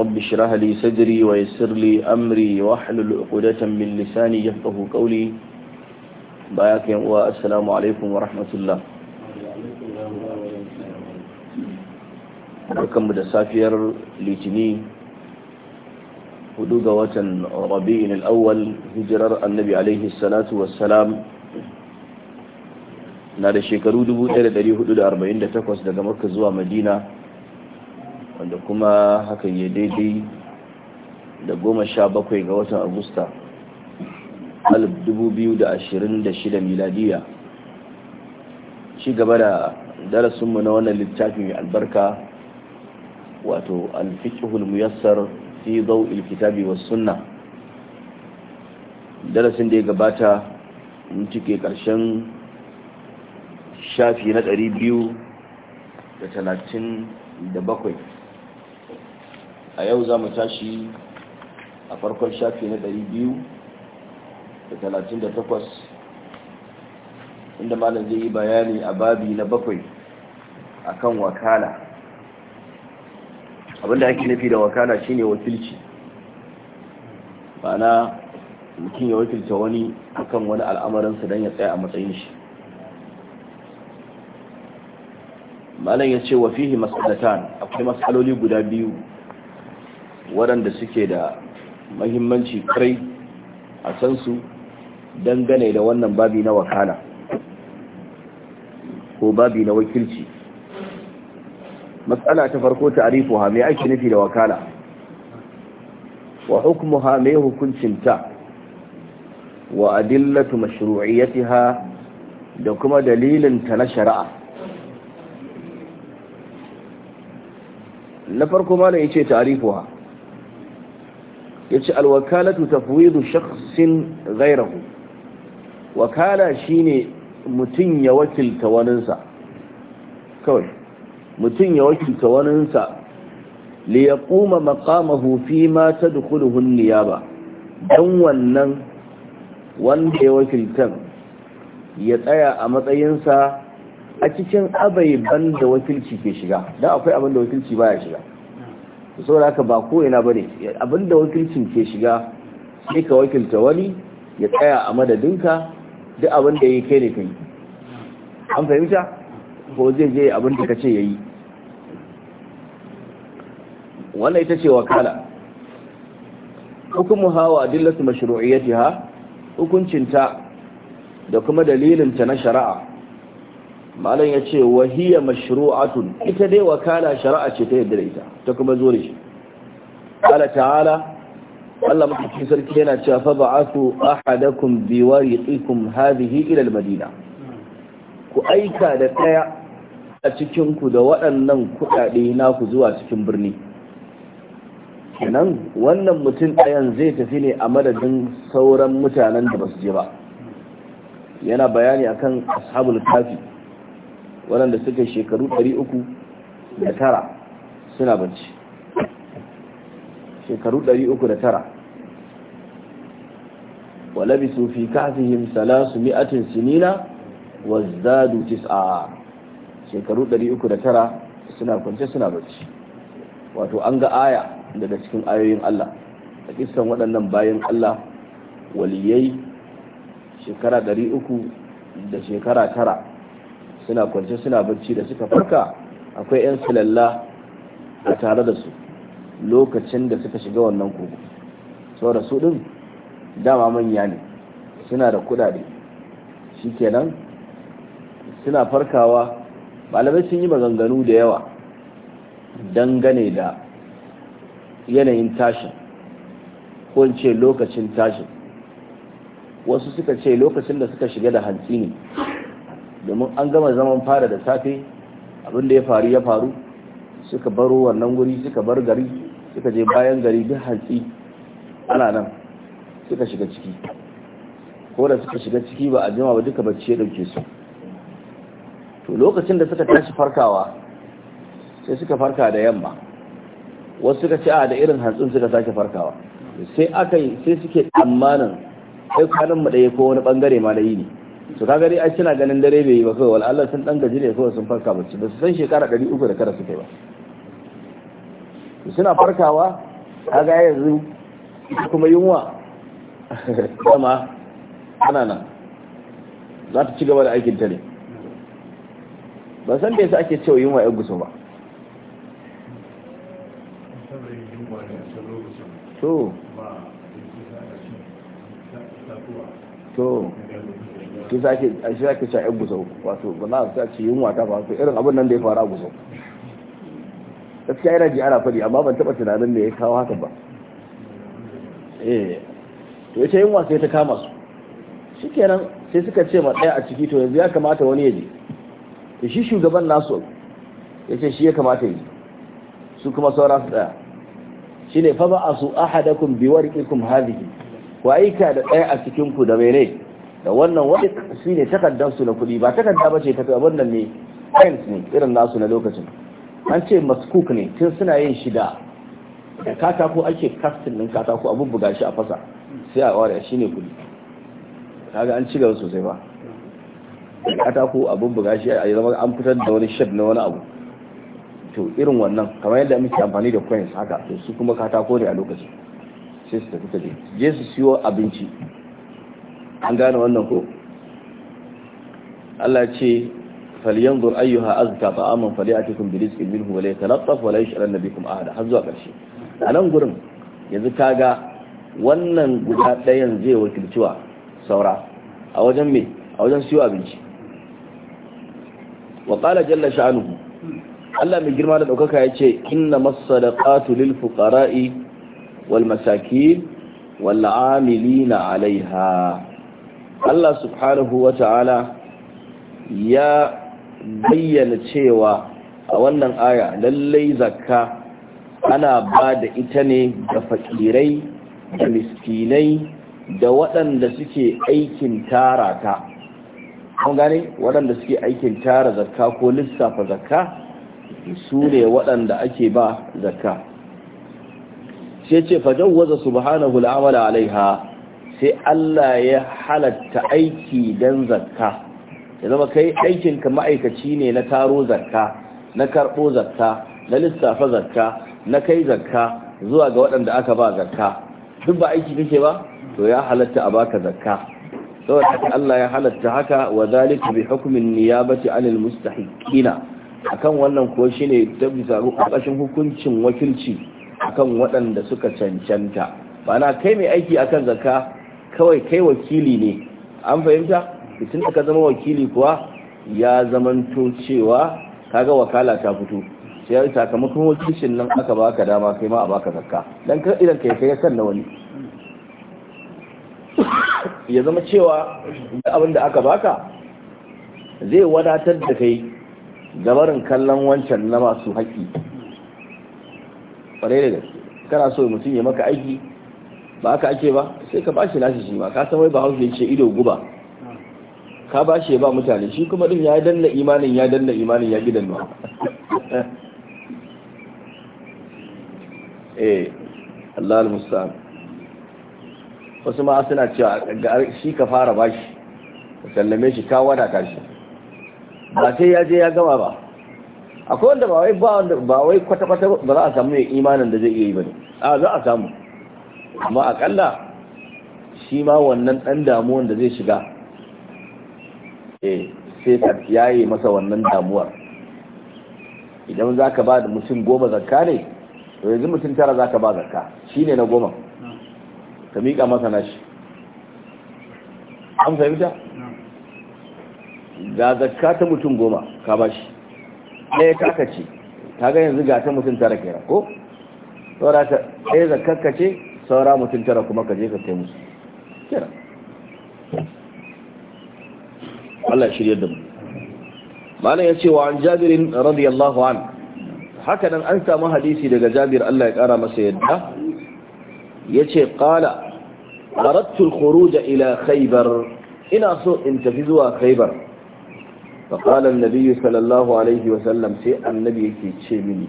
رب اشرح لي صدري ويسر لي أمري واحلل عقدة من لساني يفقه قولي باياك والسلام عليكم ورحمة الله barkanmu da safiyar litini hudu ga watan rabi'in al'awwal hijirar annabi alaihi salatu wassalam na da shekaru 1448 daga makka zuwa madina wanda kuma hakan ya daidai da goma sha bakwai ga watan agusta da da shida miladiya ci gaba da darasinmu na wannan littafin mai albarka wato alfiqhul muyassar fi zau ilkitabi wa sunna darasin da ya gabata mun cike ƙarshen shafi na bakwai. a yau za mu tashi a farkon shafi na 238 inda malam zai yi bayani a babi na bakwai akan wakala abinda ake nufi da wakala shine wakilci Bana mutum ya wakilta wani akan wani al'amuransa don ya tsaya a matsayin shi malam ya ce wa fihi matsalatan akwai matsaloli guda biyu waɗanda suke da mahimmanci kai a san su dangane da wannan babi na wakala ko babi na wakilci matsala ta farko ta'rifuha mai ake nufi da wakala wa ta me hukuncinta wa adillatu mashru'iyyatiha da kuma dalilin ta na shari'a na farko ma yace ta'rifuha yace alwakalatu tafwidu shakhsin ghayrahu wakala shine mutum ya wakilta waninsa kawai mutum ya wakilta waninsa li yaquma maqamahu fi ma tadkhuluhu an-niyaba dan wannan wanda ya wakiltan ya tsaya a matsayinsa a cikin abai da wakilci ke shiga dan akwai abin da wakilci baya shiga saboda haka ba ko ina bane abinda wakilcin ke shiga sai ka wakilta wani ya tsaya a madadinka duk abin da ya kai ne kai an fahimta ko zai je abin ka ce ya yi wannan ita ce wakala hukumu hawa dillatu mashru'iyatiha hukuncinta da kuma dalilinta na shari'a malam ya ce wahiya mashru'atun ita dai wakala shari'a ce ta yadda da ita ta kuma zo da shi ala ta'ala Allah mafi sarki yana cewa fa ba'athu ahadakum bi wariqikum hadhihi ila al-madina ku aika da daya a cikin ku da waɗannan kuɗaɗe naku zuwa cikin birni kenan wannan mutum ɗayan zai tafi ne a madadin sauran mutanen da ba su je ba yana bayani akan ashabul kafi waɗanda suka shekaru 309 suna bacci shekaru 309 labisu fi kafihim salasu mi'atin sinina zadu tis'a shekaru 309 suna kwance suna bacci wato an ga aya daga cikin ayoyin Allah a kisan waɗannan bayan Allah waliyai shekara 300 da shekara tara suna kwanci suna bacci da suka farka akwai 'yan silalla a tare da su lokacin da suka shiga wannan kogo da su din dama manya ne suna da kudade shikenan suna farkawa malamai sun yi maganganu da yawa dangane da yanayin tashin ko ce lokacin tashin wasu suka ce lokacin da suka shiga da hantsi ne domin an gama zaman fara da safe abin da ya faru ya faru suka baro wannan guri suka bar gari suka je bayan gari duk hantsi ana nan suka shiga ciki ko da suka shiga ciki ba a jima ba duka bacci ya dauke su to lokacin da suka tashi farkawa sai suka farka da yamma wasu suka ci a da irin hantsin suka sake farkawa sai aka yi sai suke tsammanin sai kwanan mu ɗaya ko wani ɓangare ma da yi ne su ka gari ai suna ganin dare bai yi ba kawai wal sun dan gaji ne kawai sun farka bacci ba su san shekara ɗari uku da kada su yi ba suna farkawa ga yanzu kuma yunwa dama ana nan za ta ci gaba da aikin ta ne ba san da yasa ake cewa yunwa ya guso ba to to ke za ke shi za ke sha yan gusau wato ba na ta ce yunwa ta wato irin abin nan da ya faru a gusau gaskiya yana ji ana faɗi amma ban taɓa tunanin da ya kawo haka ba eh to ita yunwa sai ta kama su shikenan sai suka ce ma ɗaya a ciki to yanzu ya kamata wani ya je to shi shugaban nasu ya ce shi ya kamata yi su kuma saura su ɗaya shi ne fa ba a su ahadakum bi warqikum hadhihi wa aika da ɗaya a cikin ku da ne. da wannan wani shi ne takardar su na kuɗi ba takarda ba ce ta wannan ne pens ne irin nasu na lokacin an ce maskuk ne tun suna yin shida da katako ake kastin ɗin katako a buga shi a fasa sai a ware shi ne kuɗi kaga an ci gaba sosai ba katako a buga shi a zama an fitar da wani shed na wani abu to irin wannan kamar yadda muke amfani da coins haka to su kuma katako ne a lokacin sai su tafi tafi je su siyo abinci an gane wannan ko Allah ce falyanzur ayyuha azka fa'aman falyatikum bi rizqin minhu wa la yatalattaf wa la yash'alanna bikum ahada har zuwa karshe a nan gurin yanzu kaga wannan guda ɗayan zai wakilciwa saura a wajen me a wajen siyo abinci wa qala jalla sha'anuhu Allah mai girma da ɗaukaka ya ce inna masadaqatu lil fuqara'i wal masakin wal 'amilina 'alayha Allah subhanahu wa ta'ala ya bayyana cewa a wannan aya lallai zakka ana ba da ita ne ga fakirai da miskinai da waɗanda suke aikin tara ta kun gane waɗanda suke aikin tara zakka ko lissafa zakka su ne waɗanda ake ba zakka sai ce fajawwaza subhanahu al'amala alaiha sai Allah ya halatta aiki dan zakka ya zama kai ka ma'aikaci ne na taro zakka na karɓo zakka na lissafa zakka na kai zakka zuwa ga waɗanda aka ba zakka duk ba aiki kake ba to ya halatta a baka zakka saboda Allah ya halatta haka wa zalika bi hukmin niyabati anil mustahiqina akan wannan ko shine ta bisa hukuncin wakilci akan waɗanda suka cancanta ba na kai mai aiki akan zakka kawai kai wakili ne an fahimta tun da ka zama wakili kuwa ya zamanto cewa kaga wakala ta fito sai sakamakon wakilishin nan aka baka dama kai ma a baka zakka don kan idan kai kai kan na wani ya zama cewa da abin da aka baka zai wadatar da kai gabarin kallon wancan na masu haƙƙi ƙwarai da gaske kana so mutum ya maka aiki ba aka ake ba sai ka bashi nasi shi ma ka san wai ba hausa ce ido guba ka bashi ba mutane shi kuma din ya danna imanin ya danna imanin ya gidan ma eh Allah al-musta'an wasu ma suna cewa shi ka fara bashi ka sallame shi ka wada ka shi ba sai ya je ya gama ba akwai wanda ba wai ba wai kwata-kwata ba za a samu imanin da zai iya yi ba ne a za a samu amma akalla shi ma wannan ɗan damuwan da zai shiga eh sai ka yaye masa wannan damuwar idan za ka ba da mutum goma zakka ne yanzu mutum tara za ka ba zakka shi ne na goma ka miƙa masa na shi an fahimta ga zakka ta mutum goma ka ba shi ɗaya kakace ce ta ga yanzu ga ta mutum tara kera ko saboda ɗaya zakka ce saura mutum tara kuma ka je ka kai musu kira Allah ya shirya da mu malam ya ce wa an jabirin radiyallahu an haka nan an samu hadisi daga jabir Allah ya kara masa yadda ya ce qala aradtu al ila khaybar ina so in tafi zuwa khaybar fa qala an-nabi sallallahu alaihi wa sallam sai annabi yake ce mini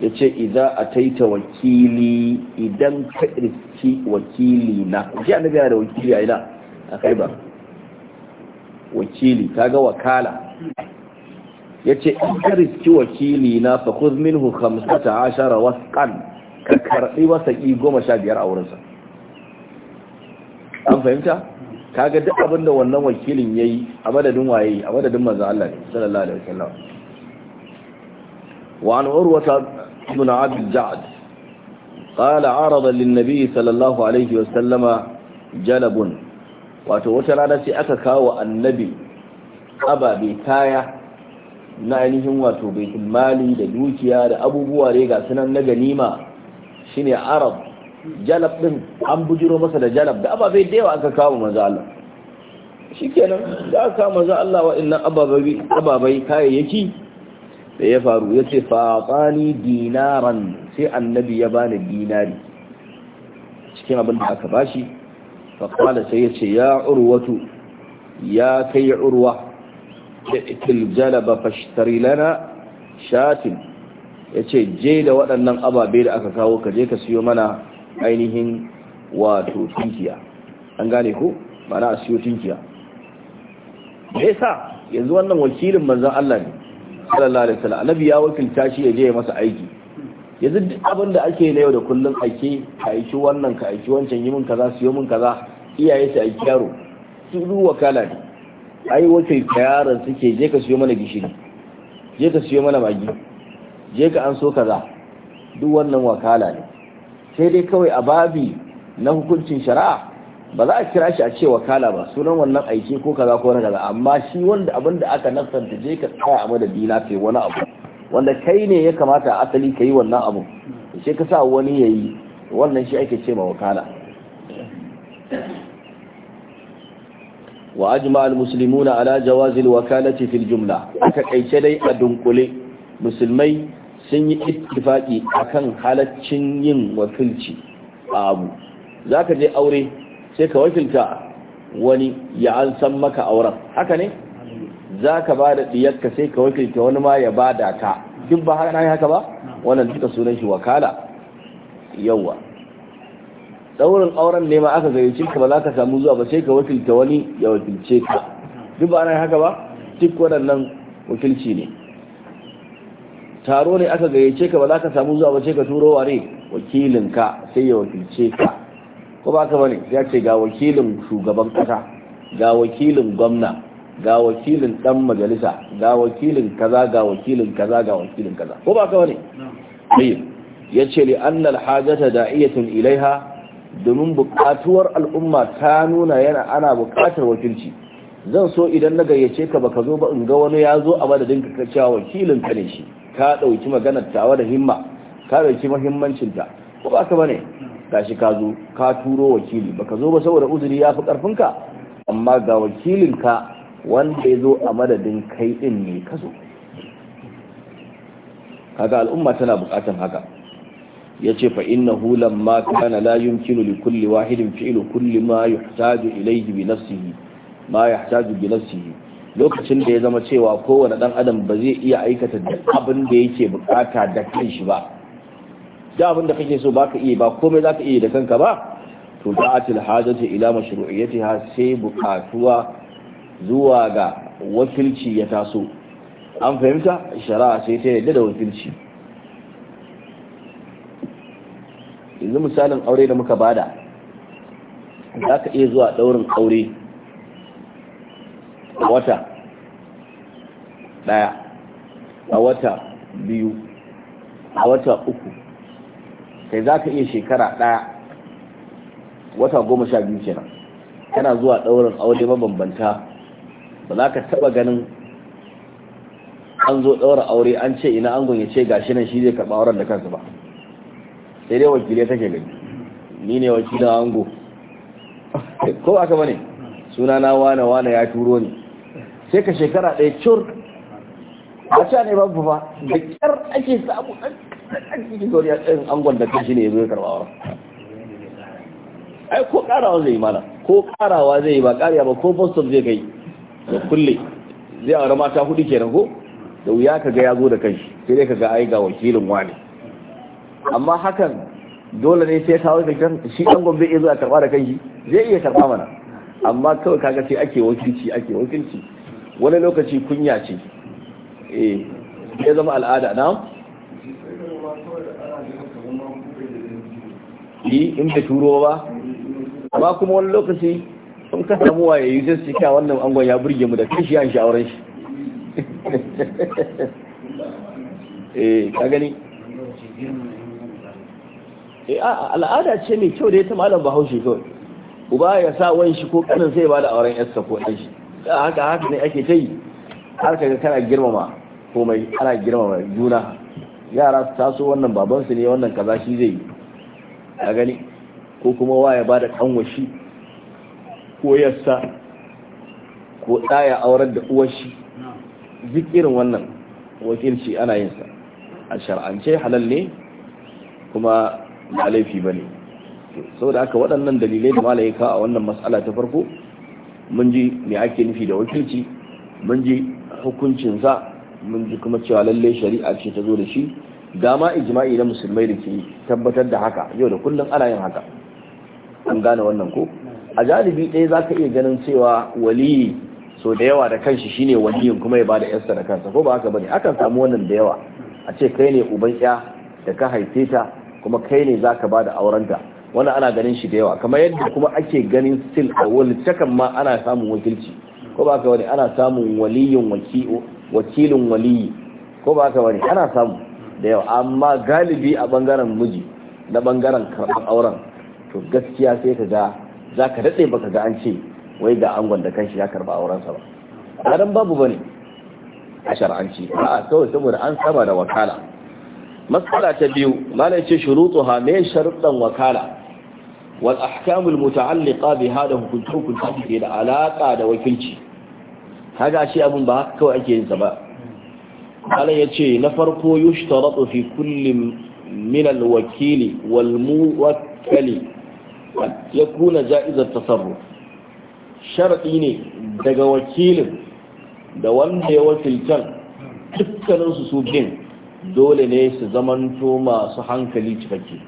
ya ce idza ataita wakili idan ka riski wakili na shi annabi yana da wakili a ina a kai ba. wakili kaga wakala Ya ce, in ka riski wakili na fa khudh minhu 15 wasqan ka karbi wasaki 15 a wurinsa an fahimta kaga duk abinda wannan wakilin yayi a madadin waye a madadin manzo Allah sallallahu alaihi wasallam wa an urwata بن عبد الجعد قال عرض للنبي صلى الله عليه وسلم جلب sai aka kawo كاو annabi أبا بكاية na ainihin wato baitul mali da dukiya da abubuwa dai ga sunan na ganima shine arab jalab din an bujiro masa da jalab da ababai da yawa aka kawo manzo Allah shikenan da kayayyaki da ya faru ya ce fatsani dinaran sai annabi ya bani dinari cikin abin da aka bashi faƙwada sai ya ce ya urwatu ya kai urwa da ikil jalaba fashitari lana shatin ya ce je da waɗannan ababe da aka kawo ka je ka siyo mana ainihin wato tunkiya an gane ko mana a siyo tunkiya me sa yanzu wannan wakilin manzan Allah ne sallallahu alaihi wasallam annabi ya wakilta shi ya je masa aiki yanzu duk abin da ake na yau da kullum ake ka aiki wannan ka aiki wancan yi min kaza siyo min kaza iyaye su aiki yaro su duk wakala ne ai wakilta yaron suke je ka siyo mana gishiri je ka siyo mana magi je ka an so kaza duk wannan wakala ne sai dai kawai a babi na hukuncin shari'a ba za a kira shi a ce wakala ba sunan wannan aiki ko kaza ko kaza amma shi wanda abin da aka nasanta je ka tsaya a madadi na kai wani abu wanda kai ne ya kamata a asali ka yi wannan abu shi ka sa wani ya yi wannan shi ake ce ma wakala wa ajma al-muslimuna ala jawaz al-wakalati fil jumla aka kaice dai a dunkule musulmai sun yi ittifaki akan halaccin yin wakilci a abu zaka je aure sai ka wakilta wani ya an san maka auren haka ne za ka ba da ɗiyarka sai ka wakilta wani ma ya ba da ta duk ba haka yi haka ba wannan duka sunan shi wakala yawa ɗaurin auren ne ma aka gayyace ka ba za ka samu zuwa ba sai ka wakilta wani ya wakilce ka duk ba yi haka ba duk waɗannan wakilci ne taro ne aka gayyace ka ba za ka samu zuwa ba sai ka turo ware wakilinka sai ya wakilce ka ko ba ka bane ya ce ga wakilin shugaban kasa ga wakilin gwamna ga wakilin dan majalisa ga wakilin kaza ga wakilin kaza ga wakilin kaza ko ba ka bane ya yace li anna al hajata da'iyatun ilaiha domin buƙatuwar al'umma ta nuna yana ana buƙatar wakilci zan so idan na gayyace ka baka zo ba in ga wani ya zo a madadin ka cewa wakilin ka ne shi ka dauki maganar tawa da himma ka dauki muhimmancin ta ko ba ka bane gashi ka zo ka turo wakili baka zo ba saboda uzuri ya fi ƙarfinka? amma ga wakilinka wanda ya zo a madadin kai ɗin ne ka zo kaga al'umma tana buƙatan haka Ya ce fa hulan ma kana la yumkinu li kulli wahidin fi'lu kulli ma yuhtaju ilayhi bi nafsihi ma yahtaju bi nafsihi lokacin da ya zama cewa kowane ɗan adam ba zai iya aikata duk abin da yake bukata da shi ba da abin da kake so ba ka iya ba komai za ka iya da kanka ba to da'atul hajati ila mashru'iyyatiha sai bukatuwa zuwa ga wakilci ya taso an fahimta shari'a sai ta yadda da wakilci yanzu misalin aure da muka bada za ka iya zuwa daurin aure a wata daya a wata biyu a wata uku kai za ka iya shekara ɗaya wata goma sha biyu kenan kana zuwa ɗaurin aure mabambanta ba za ka taɓa ganin an zo ɗaura aure an ce ina angon ya ce shi nan shi zai karɓa auren da kansa ba sai dai wakilai take gani ni ne wakilin ango ko aka bane suna na wane wane ya turo ni sai ka shekara ɗaya cur a ne babu ba da kyar ake samu ɗan cikin gori ya tsayin angon da kashi ne ya zo ya karɓa wa ai ko ƙarawa zai yi mana ko ƙarawa zai yi ba ƙariya ba ko boston zai kai da kulle zai aure mata hudu kenan ko da wuya ka ga ya zo da kanshi sai dai ka ga ai ga wakilin wani amma hakan dole ne sai kawo kan shi dan gombe ya zo a karɓa da kanshi zai iya karɓa mana amma kawai kaga sai ake wakilci ake wakilci wani lokaci kunya ce eh ya zama al'ada na yi in da turo ba amma kuma wani lokaci sun ka samu waye yi zai cika wannan angon ya burge mu da kashi an sha'auran shi eh ka gani eh al'ada ce mai kyau da ya ta malam bahaushe kawai uba ya sa wani shi ko kanin sai ba da auren yarsa ko ɗan shi haka haka ne ake ta yi har kaga kana girmama komai ana girmama juna yara su taso wannan babansu ne wannan kaza shi zai yi a gani ko kuma waya ya ba da kanwashi ko yassa ko ɗaya aurar da uwashi duk irin wannan wakilci ana yin sa a shar'ance halal ne kuma ba laifi ba ne saboda aka waɗannan dalilai da malaye a wannan matsala ta farko mun ji me ake nufi da wakilci mun ji hukuncinsa mun ji kuma cewa lallai shari'a ce ta zo da shi dama ijma'i na musulmai da ke tabbatar da haka yau da kullum ana yin haka an gane wannan ko a jalibi ɗaya za ka iya ganin cewa waliyi so da yawa da kanshi shine waliyin kuma ya bada yasta da kansa ko ba haka bane akan samu wannan da yawa a ce kai ne uban ya da ka haife ta kuma kai ne za ka bada aurenta wannan ana ganin shi da yawa kamar yadda kuma ake ganin stil a cakan ma ana samun wakilci ko ba haka bane ana samun waliyin wakilin waliyi ko ba haka bane ana samu da yau amma galibi a bangaren miji na bangaren karɓar auren to gaskiya sai ka ga za ka daɗe baka ga an ce wai ga angon da kanshi ya karɓa aurensa ba ƙaran babu ne, a shar'anci a kawai saboda an saba da wakala matsala ta biyu malai ce shurutuha me sharuɗan wakala wal ahkamul muta'alliqa bi hada hukunci hukunci da alaka da wakilci kaga shi abun ba haka kawai ake yin sa ba ana ya ce na farko yushtaratu fi kulli min alwakili wal muwakkali ya kuna ja'izar tasarruf sharadi ne daga wakilin da wanda ya wakilcan dukkaninsu su bin dole ne su zamanto masu hankali cikakke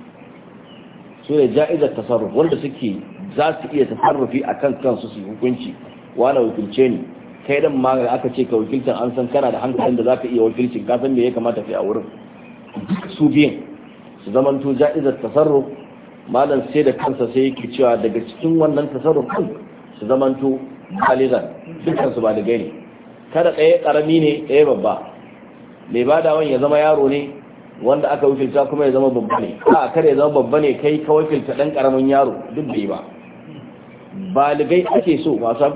su ne ja'izar tasarruf wanda suke za su iya tasarrufi a kan kansu su hukunci wani wakilce ne kai dan ma aka ce ka wakilcin an san kana da hankalin da zaka iya wakilcin ka san me ya kamata kai a wurin su biyan su zaman to ja'izar tasarruf malam sai da kansa sai yake cewa daga cikin wannan tasarruf din su zaman to baligan dukkan su ba da gani kada ɗaya karami ne ɗaya babba mai badawan ya zama yaro ne wanda aka wakilta kuma ya zama babba ne a kada ya zama babba ne kai ka wakilta ɗan ƙaramin yaro duk bai ba baligai ake so masu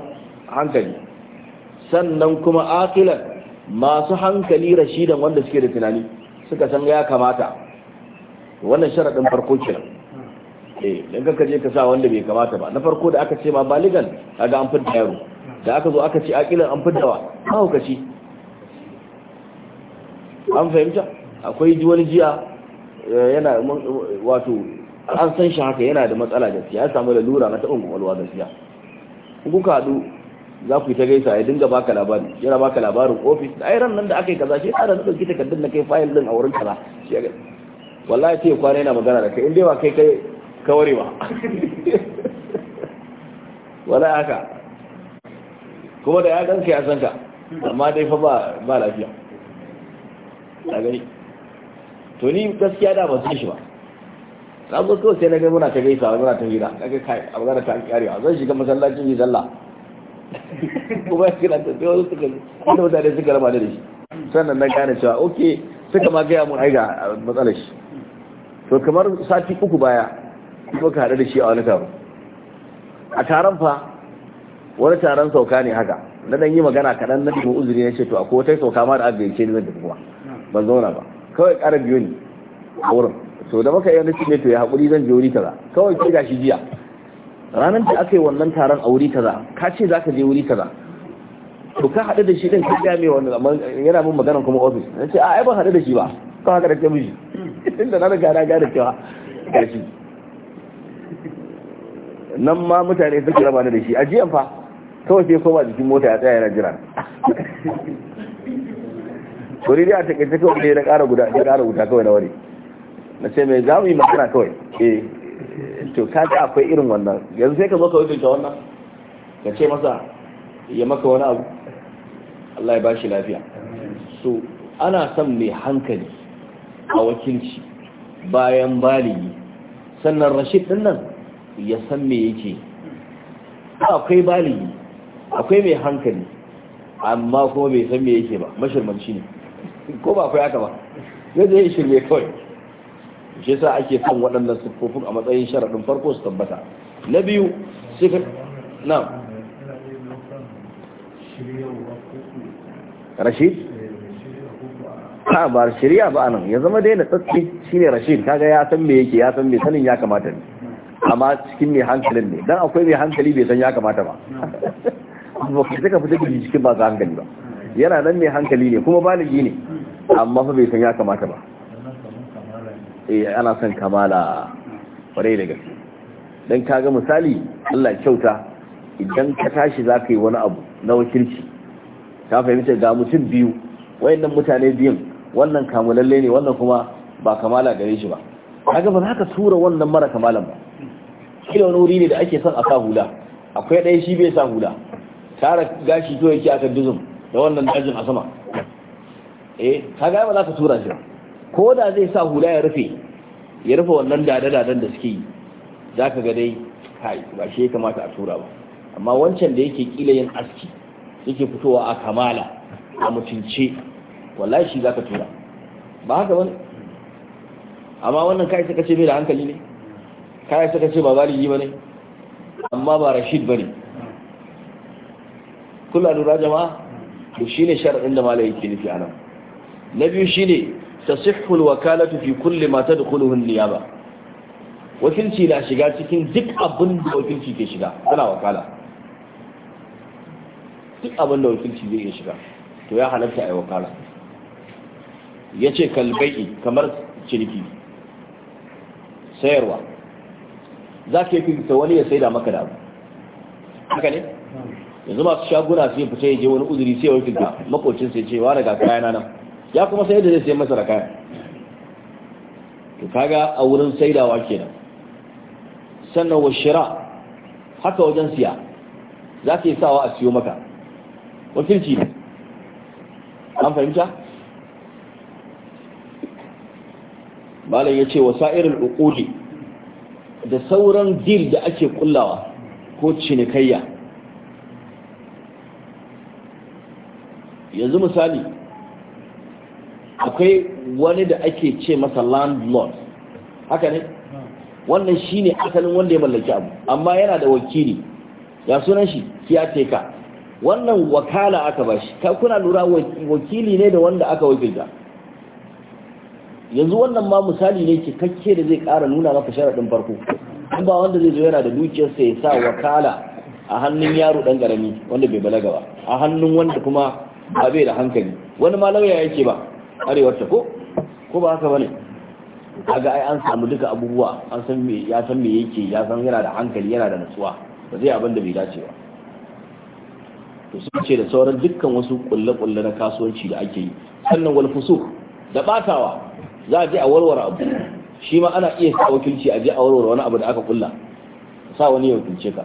hankali sannan kuma akilan masu hankali rashidan wanda suke da tunani suka san ya kamata wannan sharadin farko kenan eh dan kanka je ka sa wanda bai kamata ba na farko da aka ce ma baligan kaga an fidda yaro da aka zo aka ce akilan an fidda wa mahaukaci an fahimta akwai ji wani jiya eh, yana wato an san shi haka yana da matsala da ya samu lura na da kwakwalwa gaskiya kuka haɗu za ku yi ta gaisa ya dinga baka labari yana baka labarin ofis da ran nan da aka yi kaza shi ya da dauki takardun na kai fayil din a wurin kaza shi ga wallahi ce kwana yana magana da kai in dai ba kai kai kaware ba wala haka kuma da ya gan kai a ka amma dai fa ba lafiya a gani to ni gaskiya da ba san shi ba na zo kawai sai na gai muna ta gaisa muna ta hira kai a magana ta kariya zan shiga masallacin yi zalla kuma ya kira ta wasu suka wanda mutane suka rama da shi sannan na gane cewa ok suka ma gaya mun aiga matsalar shi to kamar sati uku baya kuma ka haɗu da shi a wani taro a taron fa wani taron sauka ne haka na dan yi magana kaɗan na dubu uzuri na ce to akwai wata sauka ma da aka gaice ni zan tafi kuma ban zauna ba kawai ƙara biyo ni a wurin to da muka yi wani ne to ya haƙuri zan biyo ni kaza kawai ke gashi jiya ranar da aka yi wannan taron a wuri kaza ka ce za ka je wuri kaza to ka haɗu da shi ɗin ka gami mai wani yana mun magana kuma ofis na ce a ai ban haɗu da shi ba ka haka da ke miji inda na riga na gane cewa gashi nan ma mutane suka raba da shi a jiyan fa kawai sai koma jikin mota ya tsaya yana jira kuri dai a takaice kawai ne na ƙara guda kawai na wani na ce mai za mu yi magana kawai eh to ga akwai irin wannan yanzu sai ka zo ka wuce wannan ka ce masa ya maka wani abu Allah ya bashi lafiya so ana son mai hankali a wakilci bayan baligi sannan rashid din nan ya san me yake akwai baligi akwai mai hankali amma kuma bai san me yake ba mashirmanci ne ko ba akwai haka ba zai ya shirme kawai shi yasa ake kan waɗannan siffofin a matsayin sharaɗin farko su tabbata na biyu sifin na rashid a ba shirya ba nan ya zama daina tsatsi shine rashid kaga ya san me yake ya san me sanin ya kamata ne amma cikin mai hankalin ne dan akwai mai hankali bai san ya kamata ba ba ka saka fita cikin ba za hankali ba yana nan mai hankali ne kuma baligi ne amma fa bai san ya kamata ba eh ana son kamala kware da gaske dan kaga misali Allah kyauta idan ka tashi za yi wani abu na wakilci ka fahimta ga mutum biyu wayannan mutane biyun wannan kamulalle ne wannan kuma ba kamala gare shi ba kaga ba za ka tura wannan mara kamalan ba kila wani wuri ne da ake son a sa hula akwai ɗaya shi bai sa hula tara gashi to yake aka dizum da wannan dajin a sama eh kaga ba za ka tura shi ba ko da zai sa hula ya rufe ya rufe wannan dadadadan da suke yi za ka ga dai kai ba shi ya kamata a tura ba amma wancan da yake kila yin aski yake fitowa a kamala a mutunce wallahi shi za ka tura ba haka wani amma wannan kai suka ce bai da hankali ne kai suka ce ba yi ba ne amma ba rashid ba ne kula lura jama'a to shi ne da malai ke nufi a nan na biyu shi ne تصح alwakalatu في كل ما تدخله an وكلشي wakilci na shiga cikin duk abun da wakilci ke shiga tana wakala duk abun da wakilci zai iya shiga to ya halatta ai wakala yace kalbai kamar ciniki sayarwa za ka yi fita wani ya saida maka da abu haka ne yanzu masu shaguna sai fita ya je wani uzuri sai ya wakilta makocin sai ce wa daga kayana nan ya kuma sai da zai sai masa raka to kaga a wurin saidawa kenan sannan wa shira haka wajen siya za ka yi sawa a siyo maka wakilci ne an fahimta malam ya ce wa sa'irin uƙuli da sauran dil da ake kullawa ko cinikayya yanzu misali akwai wani da ake ce masa landlord haka ne wannan shi ne asalin wanda ya mallaki abu amma yana da wakili ya sunan shi caretaker wannan wakala aka bashi shi kuna lura wakili ne da wanda aka wakilta yanzu wannan ma misali ne cikakke da zai kara nuna maka sharaɗin farko in ba wanda zai zo yana da dukiyarsa ya sa wakala a hannun yaro ɗan ƙarami wanda bai balaga ba a hannun wanda kuma ba bai da hankali wani ma lauya yake ba arewar ta ko ko ba haka bane kaga ai an samu duka abubuwa an san me ya san me yake ya san yana da hankali yana da nutsuwa ba zai abin da bai dace ba to sun ce da sauran dukkan wasu kulle-kulle na kasuwanci da ake yi sannan wal fusuk da batawa za a je a warware abu shi ma ana iya sa wakilci a je a warware wani abu da aka kulla sa wani ya wakilce ka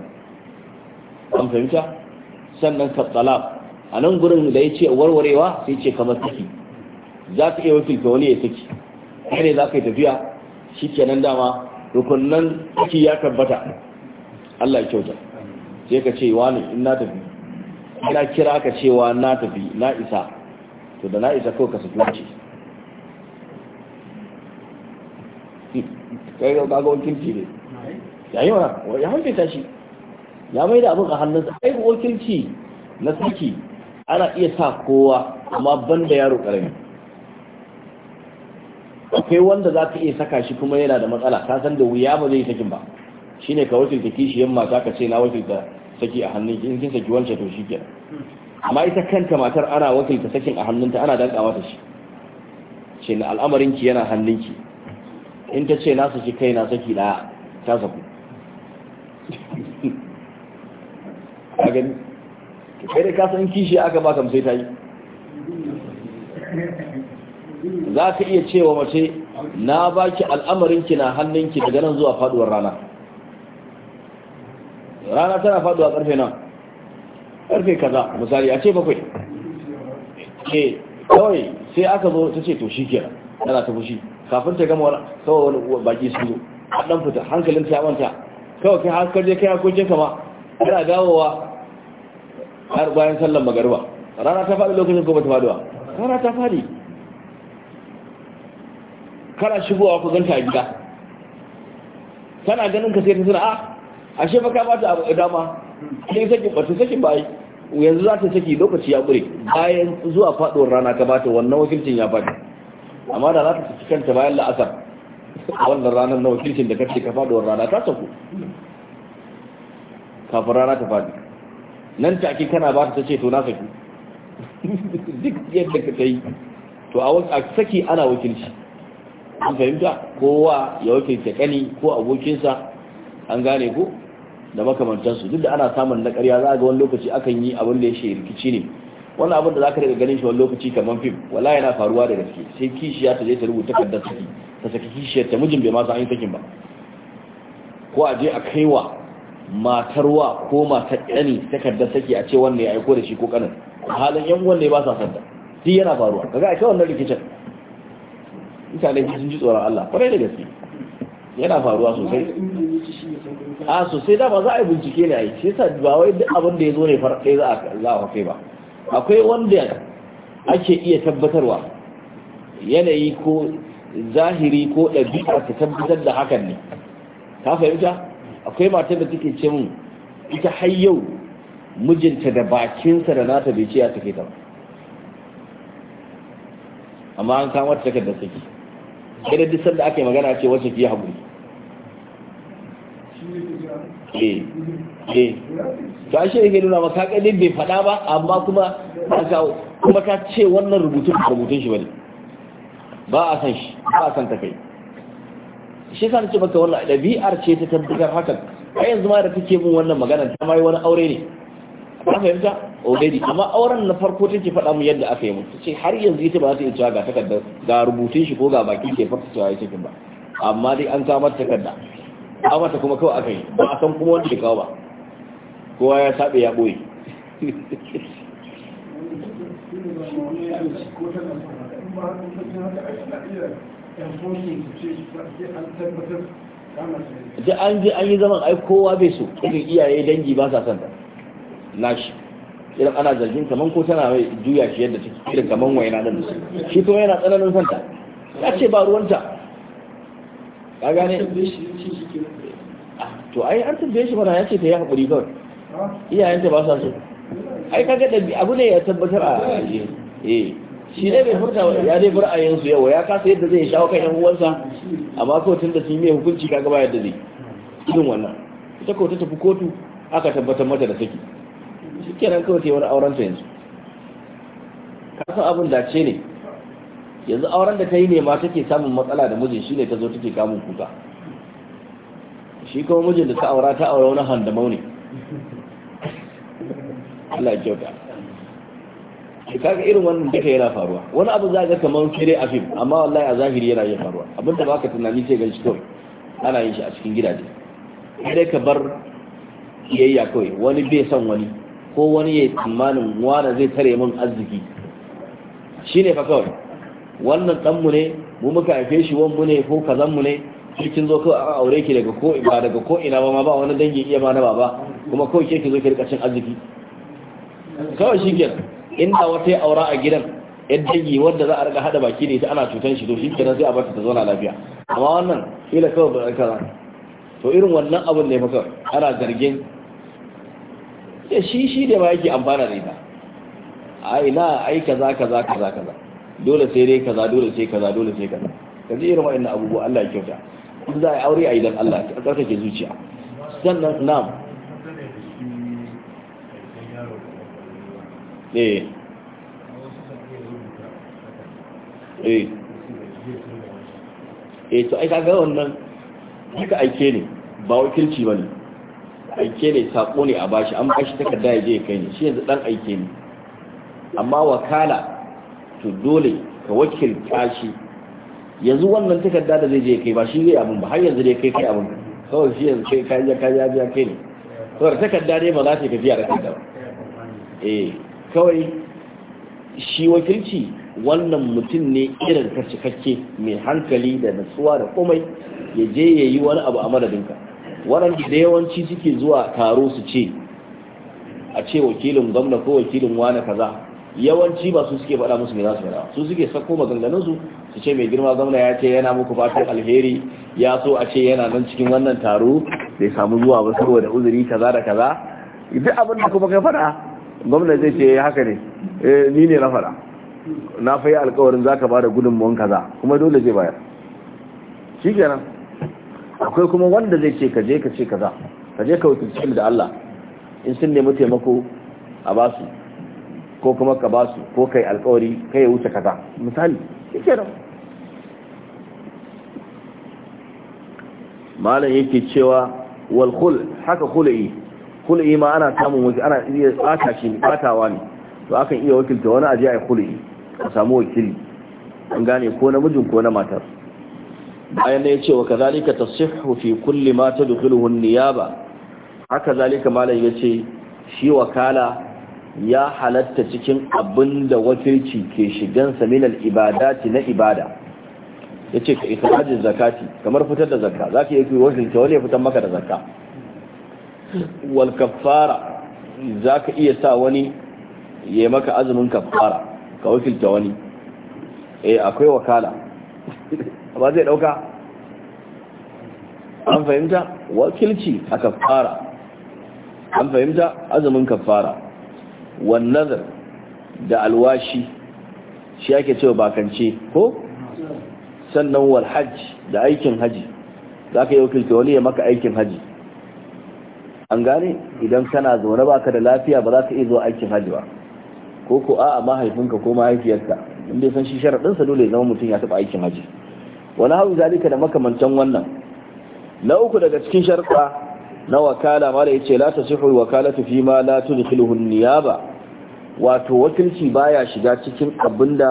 an fahimta sannan ka tsala a nan gurin da ya ce warwarewa sai ce kamar saki za su iya wakilta wani ya saki kai ne za ka yi tafiya shi kenan dama rukunan saki ya tabbata Allah ya kyauta sai ka ce wani in na tafi ina kira ka cewa na tafi na isa to da na isa kawai ka saki wuce kai ga kaga wakilci ne Ya yi wa ya ta shi ya mai da abin a hannun sa. ai wakilci na saki ana iya sa kowa amma banda yaro karami akwai wanda za ka iya saka shi kuma yana da matsala ka san da wuya ba zai sakin ba shine ka wakilta yamma mata ka ce na wakilta saki a hannun in kin saki wancan to shikenan amma ita kanta matar ana wakilta sakin a hannunta ana danka mata shi ce na al'amarin ki yana hannunki in ta ce na saki kai na saki da ta saku a gani kai da ka san kishi aka baka sai ta yi za ka iya cewa mace na baki al'amarinki na hannunki daga nan zuwa faduwar rana rana tana faduwa karfe nan karfe kaza misali a ce bakwai ke eh, kawai sai aka zo ta ce to shi kenan tana ta fushi kafin ta gama wani kawai wani baki su zo a dan fita hankalin ta manta kawai kai har kaje kai hakokin kama kana gawowa har bayan sallan magariba rana ta faɗi lokacin ko ba ta faɗuwa rana ta faɗi kana shigowa ku ganta a gida tana ganin ka sai ta sana'a? a ah, ashe fa ka ba ta dama sai sakin ba ta sakin ba yanzu za ta saki lokaci ya kure bayan zuwa faduwar rana ka bata wannan wakilcin ya faɗi amma da za ta saki kanta bayan la'asar a wannan ranar na wakilcin da ce ka faduwar rana ta saku kafin rana ta faɗi nan ta ake kana ba ta ce to na saki duk yadda ka ta yi to a saki ana wakilci an fahimta kowa ya wakilce kani ko abokinsa an gane ko da makamantansu duk da ana samun na ƙarya za a ga wani lokaci akan yi abin da ya shi rikici ne wannan abin da za ka daga ganin shi wani lokaci kamar fim wala yana faruwa da gaske sai kishiya ta je ta rubuta kaddar saki ta saki kishiyar ta mijin bai ma ayin sakin ba ko a je a kaiwa matarwa ko matar ƙani takardar saki a ce wannan ya aiko da shi ko kanin halin yan uwan ba sa sanda duk yana faruwa kaga a kai wannan rikicin mutane sun ji tsoron Allah kwarai da gaske yana faruwa sosai a sosai ba za a yi bincike ne a yi shi yasa ba wai abin da ya zo ne farɗe za a kwafe ba akwai wanda ake iya tabbatarwa yanayi ko zahiri ko ɗabi'a ta tabbatar da hakan ne ka fahimta akwai matar da take ce min ita har yau mijinta da bakinsa da nata bai ce ya take ta ba amma an kama ta takardar saki idan duk sanda aka yi magana ce wacce ki hagu eh eh to ashe yake nuna maka kadai bai faɗa ba amma kuma kuma ka ce wannan rubutun rubutun shi bane ba a san shi ba a san ta kai shi sa ce maka wannan ɗabi'ar ce ta tabbatar hakan A yanzu ma da kake mun wannan magana ta mai wani aure ne fahimta already amma auren na farko take faɗa mu yadda aka yi mu ce har yanzu ita ba za ta iya cewa ga takardar ga rubutun shi ko ga baki ke farko cewa ya cikin ba amma dai an kawo mata takarda amma ta kuma kawai aka yi ba a san kuma wanda ke kawo ba kowa ya saɓe ya ɓoye da an je an yi zaman ai kowa bai so irin iyaye dangi ba sa santa nashi irin ana zargin kaman ko tana mai juya shi yadda take irin kaman waina nan shi kuma yana tsananin santa ya ce ba ruwanta ka gane ah, to ai an tambaye shi bana ya ce ta yi haƙuri kawai iyayenta ba sa so ai ka ga da abu ne ya tabbatar a eh shi ne bai furta ya dai bar a yansu yawa ya kasa yadda zai shawo kan yan uwansa amma ko tun da sun yi hukunci kaga ba yadda zai irin wannan ita ko ta tafi kotu aka tabbatar mata da take shikenan kawai ta wani auren ta yanzu kasan abin dace ne yanzu auren da ta yi ne ma take samun matsala da mijin shine ta zo take kamun kuka shi kuma mijin da ta aura ta aura wani handamau ne Allah ya kyauta shi kaga irin wannan duka yana faruwa wani abu za ga kamar kire a fim amma wallahi a zahiri yana yin faruwa abinda ba ka tunani ce gan shi kawai ana yin shi a cikin gidaje sai ka bar kiyayya kawai wani bai son wani ko wani ya yi tsammanin wane zai tare min arziki shi ne fa kawai wannan ɗanmu ne mu muka haife shi wanmu ne ko mu ne kin zo kawai an aure ki daga ko ba daga ko ina ba ma ba wani dangi iya ma na baba kuma kawai ke ki zo ki rika cin arziki kawai shi kenan inda wata ya aura a gidan yan dangi wanda za a rika hada baki ne ta ana cutan shi to shi kenan sai a bata ta zauna lafiya amma wannan kila kawai ba kaza to irin wannan abin ne fa kawai ana zargin ya shi shi da ma yake amfana da ita a ina ai kaza kaza kaza kaza dole sai dai kaza dole sai kaza dole sai kaza kaji irin na abubuwa Allah ya kyauta in za a yi aure a yi dan Allah a ke zuciya sannan na eh eh eh to ai kaga wannan haka aike ne ba wakilci bane aike ne sako ne a bashi an bashi takarda ya je ya kai ne shi yanzu dan aike ne amma wakala to dole ka wakilta shi yanzu wannan takarda da zai je kai ba shi zai abin ba har yanzu dai kai kai abin kawai shi yanzu kai kai ya kai ya biya kai ne kawai takarda dai ba za ta tafiya da kai ba eh kawai shi wakilci wannan mutum ne irin kacce kacce mai hankali da nutsuwa da komai ya je ya yi wani abu a madadinka waɗanda da yawanci suke zuwa taro su ce a ce wakilin gwamna ko wakilin wane kaza yawanci ba su suke faɗa musu me za su faɗa su suke sako maganganun su ce mai girma gwamna ya ce yana muku fatan alheri ya so a ce yana nan cikin wannan taro bai samu zuwa ba saboda uzuri kaza da kaza duk abin da kuma kai faɗa gwamna zai ce eh, haka ne eh, ni ne na faɗa na fayi alkawarin zaka ba da gudunmuwan kaza kuma dole zai bayar shikenan akwai kuma wanda zai ce ka je ka ce kaza ka je ka wakilci da Allah in sun nemi taimako a basu ko kuma ka basu ko kai alkawari kai ya wuce kaza misali yake da malam yake cewa wal khul haka khulai khulai ma ana samun waje ana iya tsaka shi batawa ne to akan iya wakilta wani aje ai khulai ka samu wakili an gane ko namijin ko na matar bayan da ya ce wa kazalika ta fi kulli ma tadkhuluhu an-niyaba haka zalika malam ce shi wakala ya halatta cikin abinda wakilci ke shigansa saminan ibada ibadati na ibada ya ce ka ajin zakati kamar fitar da zakka ka yi kai wajen ta wani fitar maka da zakka wal za ka iya sa wani ya maka azumin kafara ka wakilta wani eh akwai wakala ba zai dauka an fahimta wakilci a kafara an fahimta azumin kafara wannan da alwashi shi ake cewa bakance ko sannan wal hajj da aikin haji za ka yi wakilta wani ya maka aikin haji an gane idan kana zaune baka da lafiya ba za ka iya zuwa aikin haji ba ko ko a'a mahaifinka ko mahaifiyarka in bai san shi sharaɗinsa dole ya zama mutum ya taɓa aikin haji wani hau zalika da makamantan wannan na uku daga cikin sharɗa na wakala mala ya ce la ta wakala wakalatu fi ma la tudkhiluhu niyaba wato wakilci baya shiga cikin da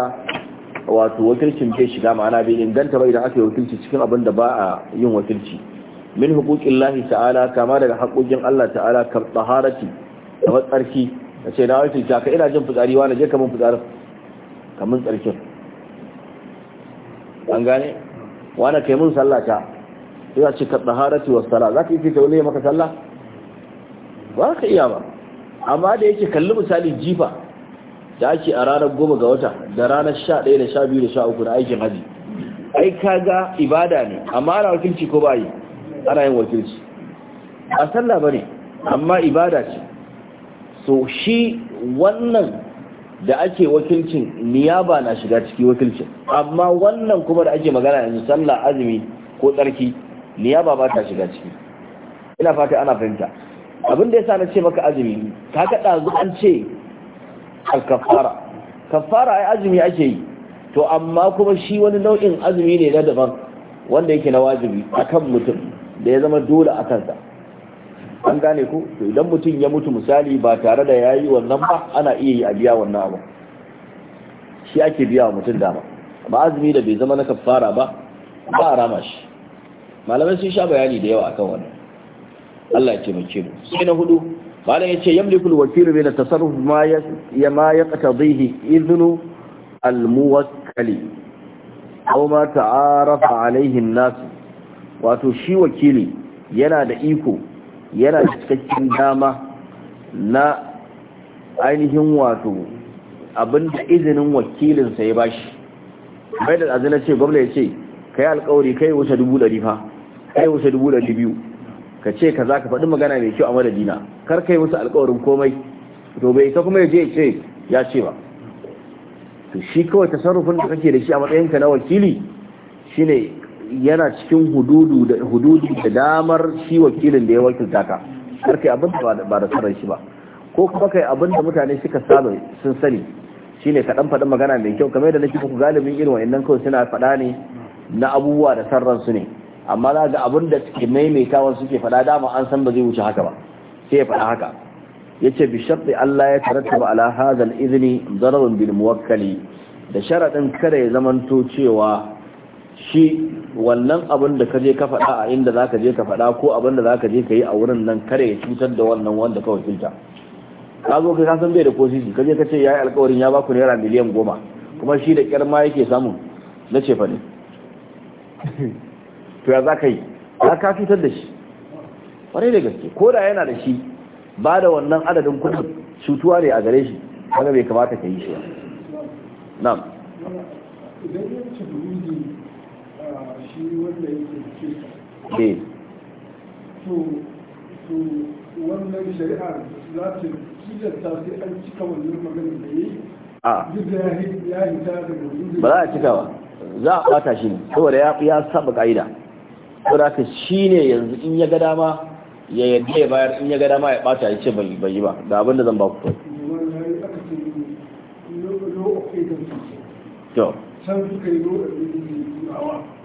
wato wakilcin ke shiga ma'ana bai inganta ba idan aka yi wakilci cikin da ba a yin wakilci min lahi ta'ala kama daga haƙoƙin Allah ta'ala kam taharati da tsarki da ce na wakilci ka ina jin fitsari wani je ka mun fitsarin kamun tsarkin an gane ka kai mun ta. ya ce ka tsaharati wasu sala za ka yi fita wani maka sallah ba ka iya ba amma da yake kalli misali jifa da ake a ranar goma ga wata da ranar sha ɗaya da sha biyu da sha uku da aikin haji ai ga ibada ne amma ana wakilci ko bayi yi ana yin wakilci a sallah ba ne amma ibada ce so shi wannan da ake wakilcin niyaba na shiga ciki wakilcin amma wannan kuma da ake magana yanzu sallah azumi ko tsarki niyaba ba ta shiga ciki ina fata ana fahimta abin da yasa na ce maka azumi ka ka dazu an ce al kafara kafara ai azumi ake yi to amma kuma shi wani nau'in azumi ne na daban wanda yake na wajibi akan mutum da ya zama dole a sa. an gane ku to idan mutum ya mutu misali ba tare da ya yi wannan ba ana iya yi a biya wannan abu shi ake biya wa mutum dama ba azumi da bai zama na kafara ba ba a rama shi malamai sun sha bayani da yawa akan wannan Allah ya taimake mu sai na hudu malam yace yamliku al-wakilu bi tasarruf ma ya ma yaqtadihi idnu al-muwakkali aw ma ta'arafa alayhi an-nas wato shi wakili yana da iko yana cikakken dama na ainihin wato abinda izinin wakilinsa ya bashi bai da azina ce gwamna ya ce ka yi alkawari kai wuce dubu ɗari fa kai wuce dubu ɗari biyu ka ce ka za ka faɗi magana mai kyau a madadina kar kai wasu alkawarin komai to bai ta kuma ya je ce ya ce ba to shi kawai tasarrufin da kake da shi a matsayinka na wakili shine yana cikin hududu da hududu da damar shi wakilin da ya wakilta ka har kai abin da ba da sarar shi ba ko kuma kai abin da mutane suka saba sun sani shine ka dan faɗin magana mai kyau kamar da nake ku galibin irin wa'annan kawai suna faɗa ne na abubuwa da sarran su ne amma za ga abin da suke maimaitawa suke faɗa dama an san ba zai wuce haka ba sai ya faɗa haka yace bi sharti Allah ya tarattaba ala hadha al-idhni dararun bil muwakkali da sharadin kada ya zamanto cewa shi wannan abin da ka je ka faɗa a inda za ka je ka faɗa ko abin da za ka je ka yi a wurin nan kare ya cutar da wannan wanda ka wakilta ka zo kai ka san bai da kosisi ka je ka ce ya yi alƙawarin ya baku naira miliyan goma kuma shi da ƙyar ma yake samun na ce fa ne to ya za ka yi za ka cutar da shi kwarai da gaske ko da yana da shi ba da wannan adadin kuɗin cutuwa ne a gare shi haka bai kamata ka yi shi ba na'am shi wanda yake kirka to to wannan shari'a za ta tilasta sai an cika wannan maganar da yi a ba za a cika ba za a bata shi ne saboda ya ya saba ka'ida saboda ka shi ne yanzu in ya ga dama ya yadda ya bayar in ya ga dama ya bata ya ce ban yi ba ga abin da zan ba ku to can suka yi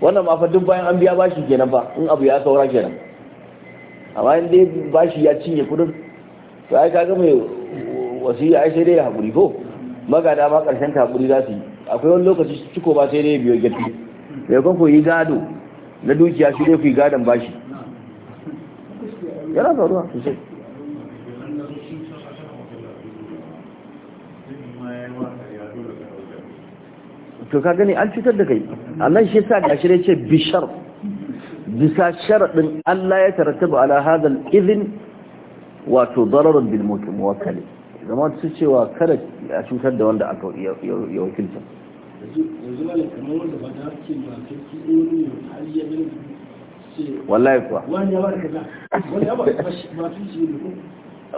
wannan ma fa duk bayan an biya bashi kenan ba, in abu ya saura kenan amma in dai bashi ya cinye kudin to ai kaga mai wasiya ai sai dai ya hakuri ko magada ma karshen ta hakuri za su yi akwai wani lokaci ciko ba sai dai biyo gaci ya ko yi gado na dukiya shi dai ku yi gadon bashi yana faruwa sosai to ka gani an cutar da kai Allah shi sa gashi ne ce bishar bisa sharadin Allah ya tarattaba ala hadal idhin wato dararun bil muwakkal zama su cewa kada a cutar da wanda aka ya wakilta wallahi kuwa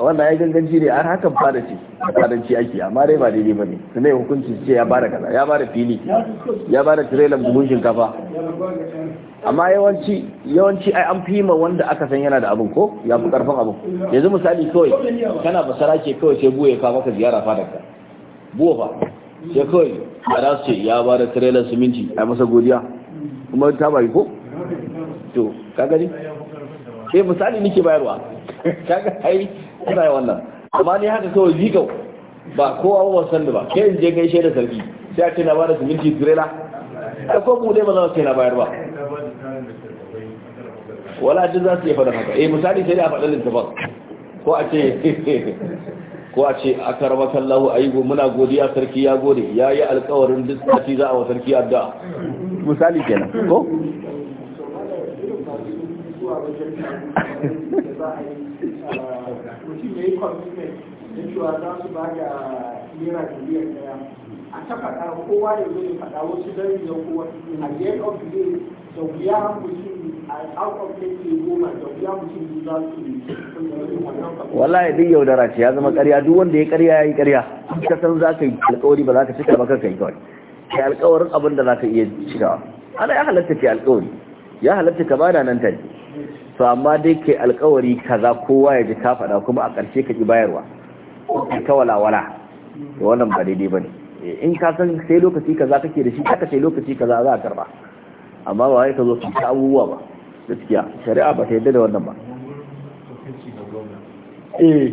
wannan ya ganganci ne har hakan fara ce fadanci ake amma dai ba daidai ne su ne hukunci ce ya bada kaza ya bada fili ya bada tirelan buhun shinkafa amma yawanci yawanci ai an fi ma wanda aka san yana da abin ko ya fi karfin abin yanzu misali kawai kana basara ke kawai sai buwa ya kawo maka ziyara fadar ka buwa fa sai kawai ya da su ce ya bada tirelan siminti ai masa godiya kuma ta bari ko to ka gani sai eh, misali nake bayarwa kaga ai ina wannan amma ni haka kawai jikau ba kowa ba san da ba kai in je gaishe da sarki sai a ce na bada siminti tirela da ko mu dai ba za ce na bayar ba wala duk za su iya faɗa haka eh misali sai dai a faɗa littafin ko a ce ko a ce a karba kallahu a muna godiya sarki ya gode ya yi alkawarin duk sati za a wa sarki addu'a misali kenan ko yi commitment da cewa za su ba da naira miliyan daya a ta faɗa kowa da zai faɗa wasu dari da kowa a the end of the day da wuya mutum a out of the day goma da wuya mutum za su wallahi duk yaudara ce ya zama ƙarya duk wanda ya ƙarya ya yi ƙarya ka san za ka yi alƙawari ba za ka cika ba kanka yi kawai ka yi alƙawarin abin da za ka iya cikawa ana ya halatta ke alƙawari ya halatta ka ba da nan take to amma dai kai alkawari kaza kowa ya ji ka faɗa kuma a ƙarshe ka ki bayarwa kai ta walawala to wannan ba daidai bane eh, in ka san sai lokaci kaza kake da shi kaka sai lokaci kaza za a karba amma ba wai ka zo ka abubuwa ba gaskiya shari'a ba ta yadda da wannan ba eh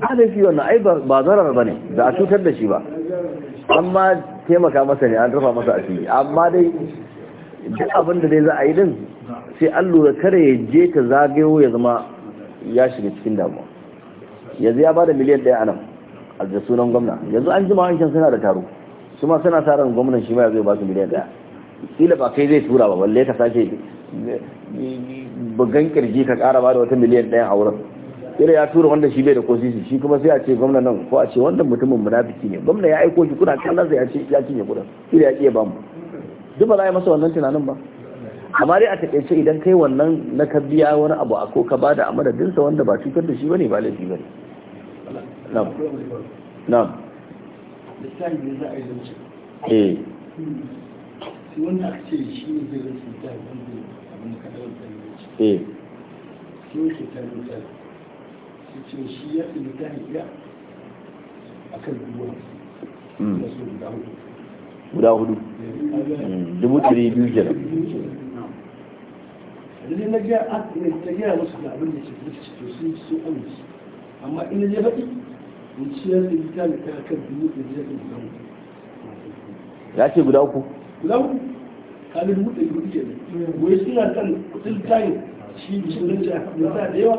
ba shi wannan ai ba zarar ba ne da a cutar da shi ba amma taimaka masa ne an rufa masa asiri amma dai duk abin da dai za a yi din sai an lura kare ya je ta zagayo ya zama ya shiga cikin damuwa yanzu ya ba da miliyan ɗaya anan a da sunan gwamna yanzu an jima wancan suna da taro su ma suna sa ran gwamnan shi ma ya zai ba miliyan ɗaya kila ba kai zai tura ba balle ka sake bugan kirji ka kara ba da wata miliyan ɗaya a wurin kira ya tura wanda shi bai da kosisi shi kuma sai a ce gwamna nan ko a ce wannan mutumin munafiki ne gwamna ya aiko shi kuna kallon sa ya ce ya cinye kudin kira ya kiya ba mu duk ba za a yi masa wannan tunanin ba amma dai a takaice idan kai wannan na ka biya wani abu a ko ka bada a madadinsa wanda ba cutar da shi bane ba laifi bane na'am na'am eh wanda aka ce shi ne zai rasa da wanda abin da ka dawo da shi eh shi ne ke ce shi ya hiya a kan duwa hmm. guda hudu hmm. dubu ɗari biyu kenan da na ta gaya da abin da ke sun amince amma ina faɗi in kan dubu ya ce guda uku guda uku kalin dubu wai suna kan da yawa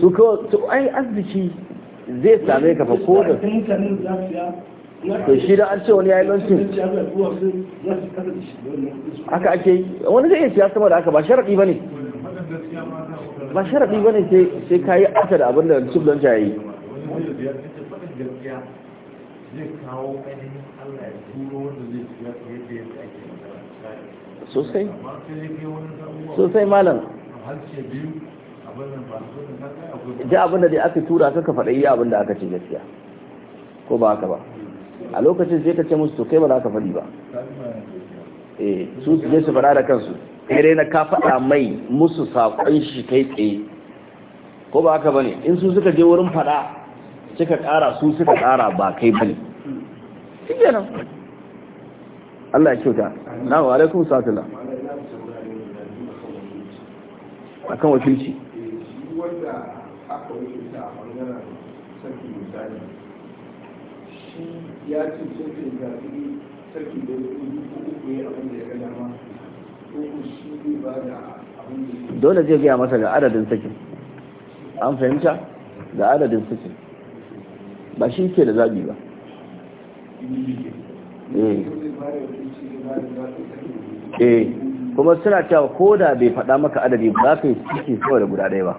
su kawai su ai arziki zai same ka fa ko da to shi da an ce wani ya yi lancin aka ake yi wani zai iya siya sama da haka ba sharafi ba ne ba sharafi ba ne sai ka yi aka da abin da su don ya yi sosai sosai malam ji abin da dai aka tura kaka faɗa iya abin da aka ce gaskiya ko ba haka ba a lokacin sai ka ce musu to kai ba za ka faɗi ba eh su su je su faɗa da kansu kai dai na ka faɗa mai musu saƙon shi kai tsaye ko ba haka ne in su suka je wurin faɗa suka ƙara su suka ƙara ba kai bane shi kenan Allah ya kyauta na wa alaikum A akan wakilci wanda aka wuce ta a bangaren sarki misali shi ya ce sun ce zafi sarki da ko uku ya abin da ya gada ma ko ku shi ne ba da abin da dole zai biya masa ga adadin sakin an fahimta ga adadin sakin ba shi ke da zabi ba eh kuma suna cewa ko da bai faɗa maka adadi ba ka yi ciki da guda ɗaya ba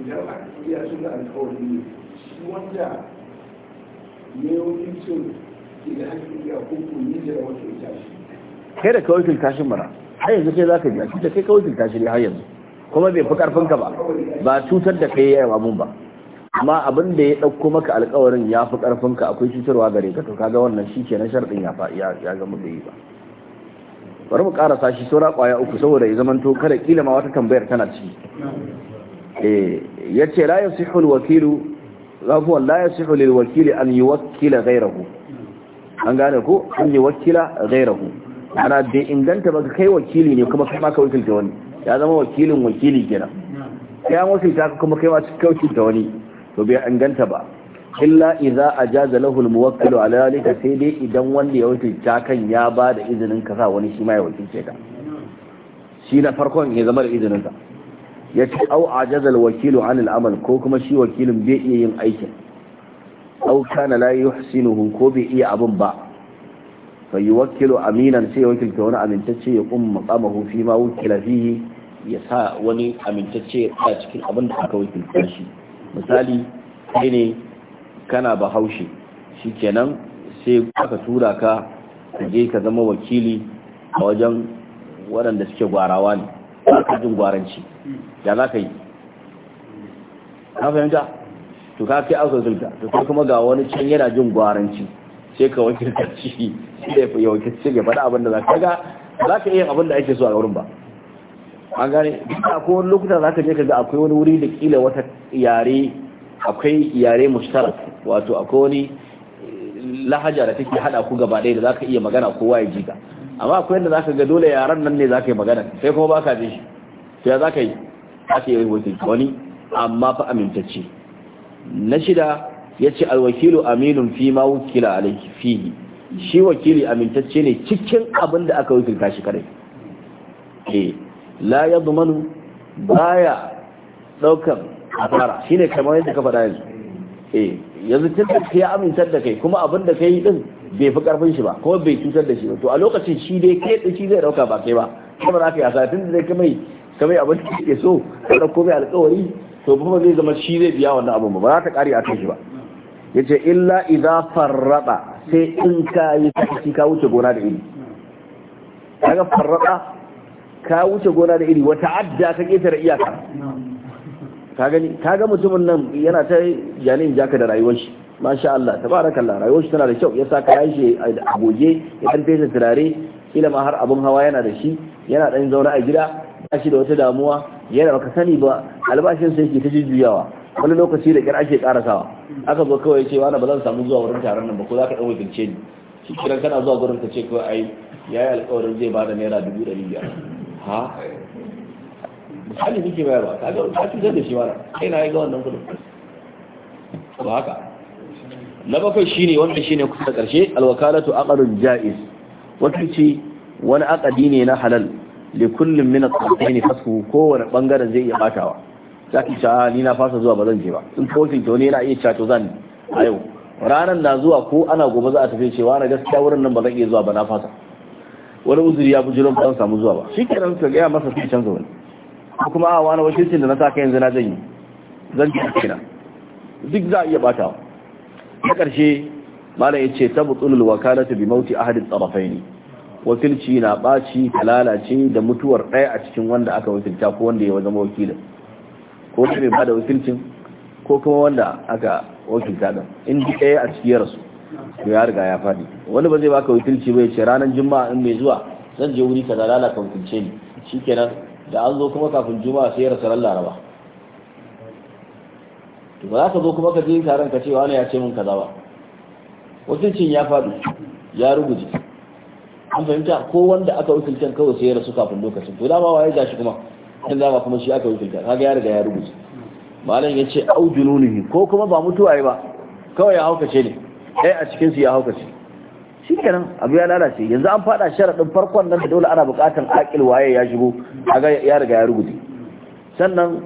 idan a iya suna alkawari ne shi wanda ne wakilcin idan hakin ya kuku ne da wakilta shi kai da kawai tashin mara har yanzu kai za ka biya cutar kai kawai tashi ne har yanzu kuma bai fi ka ba ba cutar da kai yayin abun ba amma abin da ya ɗauko maka alkawarin ya fi ka akwai cutarwa gare ka to kaga wannan shi ke na sharɗin ya ya ga mutu yi ba bari mu ƙara shi saura ƙwaya uku saboda ya zamanto kada kila ma wata tambayar tana ciki Eh, ya ce la yasihu sihul wakilu la yasihu sihul wakili an yuwakkila ghayrahu an gane ko an yuwakkila ghayrahu ana bai inganta ba kai wakili ne kuma kai ma ka wakilta wani ya zama wakilin wakili gina sai an wakilta kuma kai ma ka wakilta wani to bai inganta ba illa idza ajaza lahu almuwakkilu ala lika sai dai idan wanda ya wakilta kan ya ba da izinin ka sa wani shi ma ya wakilce ka shi na farkon ya zama da izinin ka ya ce au ajazal wakilu an al'amal ko kuma shi wakilin bai iya yin aikin au kana la yuhsinuhu ko bai iya abin ba fa yuwakkilu aminan sai wakilta wani amintacce ya kuma maqamahu fi ma wukila fihi ya sa wani amintacce ya a cikin abin da aka wakilta shi misali kai ne kana bahaushe kenan sai aka tura ka ka je ka zama wakili a wajen waɗanda suke gwarawa ne ba ka jin gwaranci ya za ka yi ka fahimta to ka kai aka zulta to kai kuma ga wani can yana jin gwaranci sai ka wakilci sai ya wakilci ya faɗa abin da za ka ga za ka iya abin da ake so a wurin ba an gane duka ko wani lokuta za ka je ka ga akwai wani wuri da kila wata yare akwai yare mushtarak wato akwai wani eh, lahaja da take hada ku gaba ɗaya da za ka iya magana kowa ya ji ka amma akwai yadda za ka ga dole yaran nan ne za ka yi magana sai kuma ba ka ji shi Sai ya za ka yi ake yi wani amma fa amintacce na shida ya ce alwakilu aminun fi ma wukila alaiki fihi shi wakili amintacce ne cikin abin da aka wakilta shi kare eh la ba ya daukan asara ne kamar yadda ka faɗa yanzu eh yanzu tun da ya amintar da kai kuma abin da ka yi din bai fi karfin shi ba kuma bai cutar da shi ba to a lokacin shi dai kai shi zai ɗauka ba kai ba kamar aka ka yi asara tun da kai mai kamar abin da ke so ka ɗauko mai alkawari to ba zai zama shi zai biya wannan abin ba ba za ta ƙari a kan shi ba ya ce illa idan farraɗa sai in ka yi sarki ka wuce gona da iri kaga farraɗa ka wuce gona da iri wata adda ka ƙetare iyaka ka gani ga mutumin nan yana ta janin jaka da rayuwar shi masha Allah tabarakallah rayuwar shi tana da kyau ya sa kayan a goje ya fesa turare kila ma har abin hawa yana da shi yana dan zauna a gida ba shi da wata damuwa yana baka sani ba albashin sai yake ta jujjuyawa wani lokaci da kyar ake karasawa aka zo kawai cewa na ba zan samu zuwa wurin taron nan ba ko za ka dan gince ni shi kiran kana zuwa gurin ka ce ko ai yi alƙawarin zai bada naira dubu ɗari biyar ha misali nake bayar ba ga ka cutar da shi wala kai na ga wannan kudin ba haka na bakwai shine wanda shine kusa da ƙarshe alwakalatu aqdun jaiz wakilci wani aqadi ne na halal li kullum mina tsakai ne fasu kowane bangaren zai iya batawa zaki cewa ah, ni na fasa zuwa ba zan je ba in ko kin ne yana iya cato zan a yau ranar na zuwa ko ana gobe za a tafi cewa na gaskiya wurin nan ba zan iya zuwa ba na fasa wani uzuri ya fi jiran ba zan samu zuwa ba kenan ka gaya masa sai canza wani ko kuma ah, a wani wakilcin da na saka yanzu na yi. zan je kina duk za a iya batawa na ƙarshe malam ya ce tabbatul wakalatu bi mauti ahadin tsarafaini wakilci na ɓaci da lalace da mutuwar ɗaya a cikin wanda aka wakilta ko wanda ya zama wakilin ko kuma mai ba da wakilcin ko kuma wanda aka wakilta ɗan in ji ɗaya a cikin rasu to ya riga ya faɗi wani ba zai baka wakilci bai ce ranar juma'a in mai zuwa zan je wuri kaza lalata wakilce ni shikenan da an zo kuma kafin juma'a sai ya rasa ran laraba to ba za ka zo kuma ka je taron ka ce wani ya ce min kaza ba wakilcin ya faɗi ya rubuce an fahimta ko wanda aka wakilta kawai sai ya rasu kafin lokacin to dama waye gashi kuma in dama kuma shi aka wakilta kaga ya riga ya rubuta malam ya ce au jununihi ko kuma ba mutuwa ba kawai ya haukace ne ɗaya a cikin su ya haukace shi kenan abu ya lalace yanzu an fada sharadin farkon nan da dole ana bukatan akil waye ya shigo kaga ya riga ya rubuta sannan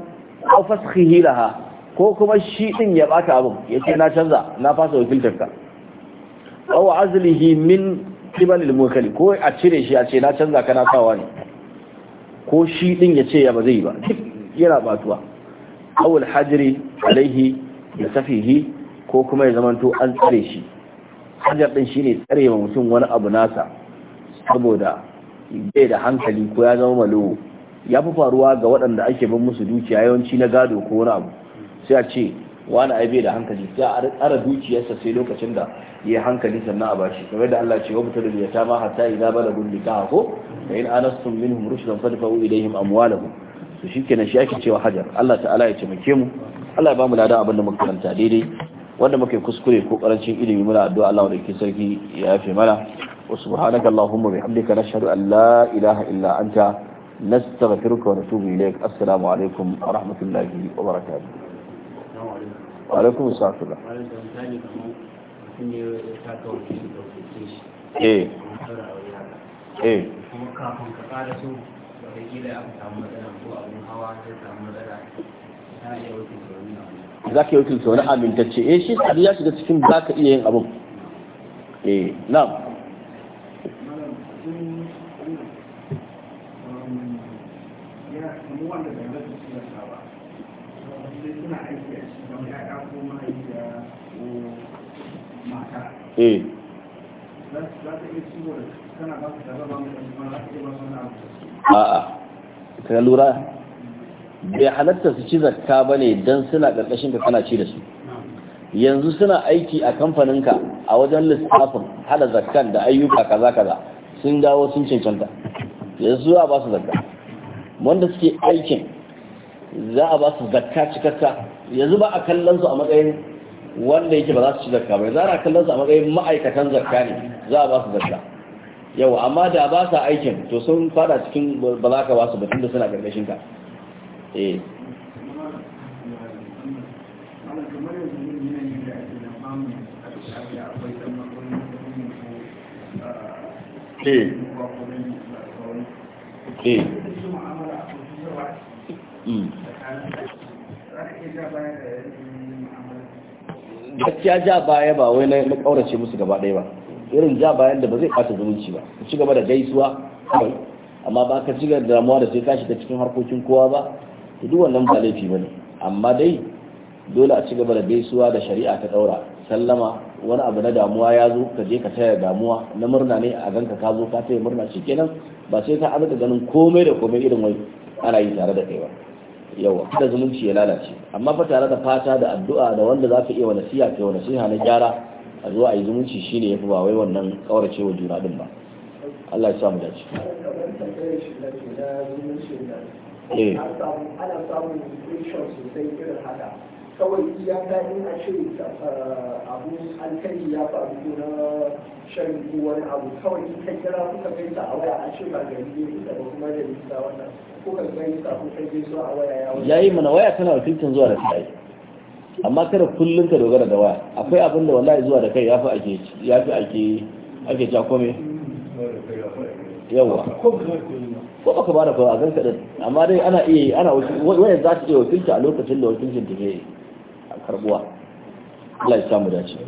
au fasxihi laha ko kuma shi din ya bata abin ya ce na canza na fasa wakiltar ka au azlihi min kibalil mukali ko a cire shi a ce na canza ka sawa ne ko shi din ya ce ya ba zai ba yana batuwa awul hajri alaihi da safihi ko kuma ya zamanto an tsare shi hajar din shine tsare wa mutum wani abu nasa saboda bai da hankali ko ya zama malo ya fi faruwa ga waɗanda ake ban musu dukiya yawanci na gado ko wani abu sai a ce wani aibe da hankali sai a tsara dukiyarsa sai lokacin da ya hankali sannan a bashi kamar da Allah ce wa mutum ya ta ma hatta idza balagu nikaha ko fa in anastum minhum rushdan fadfa'u ilayhim amwalahum to shikenan shi ake cewa hajar Allah ta'ala ya ce taimake mu Allah ya bamu ladan abin da muka karanta daidai wanda muka kuskure ko karancin ilimi muna addu'a Allah da ke sarki ya yafe mana wa subhanaka allahumma bihamdika nashhadu an la ilaha illa anta nastaghfiruka wa natubu ilayk assalamu alaikum wa rahmatullahi alaikun sa'afila eh kuma sa su ya ta wani za ka yi amintacce eh shi ya shiga cikin za ka iya yin abin eh na'am eh a'a ka lura bai halatta su ci zakka ba ne don suna ƙarƙashin ka kana ci da su yanzu suna aiki a kamfaninka a wajen lissafin hada zakkan da ayyuka kaza kaza sun dawo sun cancanta yanzu zuwa ba su zakka wanda suke aikin za a ba su zakka cikakka yanzu ba a kallon su a matsayin wanda yake ba za su ci zakka ba za kallon su a matsayin ma'aikatan zakka ne za a ba su zakka yau amma da ba sa aikin to sun fada cikin ba za ka ba su batun da suna karkashin ka eh eh, eh. gaskiya ja baya ba wai na kaurace musu gaba ɗaya ba irin ja bayan da ba zai ɓata zumunci ba ku ci gaba da gaisuwa kawai amma ba ka ci gaba da damuwa da sai ka shiga cikin harkokin kowa ba to duk wannan ba laifi ne amma dai dole a ci gaba da gaisuwa da shari'a ta ɗaura sallama wani abu na damuwa ya zo ka je ka taya damuwa na murna ne a ganka ka zo ka taya murna nan ba sai ka arka ganin komai da komai irin wai ana yi tare da kai ba yawa da zumunci ya lalace amma fa tare da fata da addu'a da wanda zaka iya wa siya kai wani nasiha na gyara a zo a yi zumunci shine yafi ba wai wannan ƙaurace wa juna ɗin ba Allah ya samu dace eh ana samun sosai irin kawai iyaka in a ce abu alkali ya faru ko na shan ko wani abu kawai in ka kira kuka gaisa a waya a ce ba gari ne kuka ba kuma da nisa wannan kuka gaisa kuka su a waya ya waya yayi mana waya tana wakilcin zuwa da tsaye amma kada kullum ka dogara da waya akwai abin da wallahi zuwa da kai yafi ake yafi ake ake ja kome yawa ko baka bada ba a ganka din amma dai ana iya ana wayar za ta iya wakilta a lokacin da wakilcin take yi karbuwa Allah ya samu dace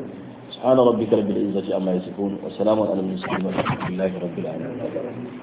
subhana rabbika rabbil izzati amma yasifun wa salamun alal mursalin walhamdulillahi rabbil alamin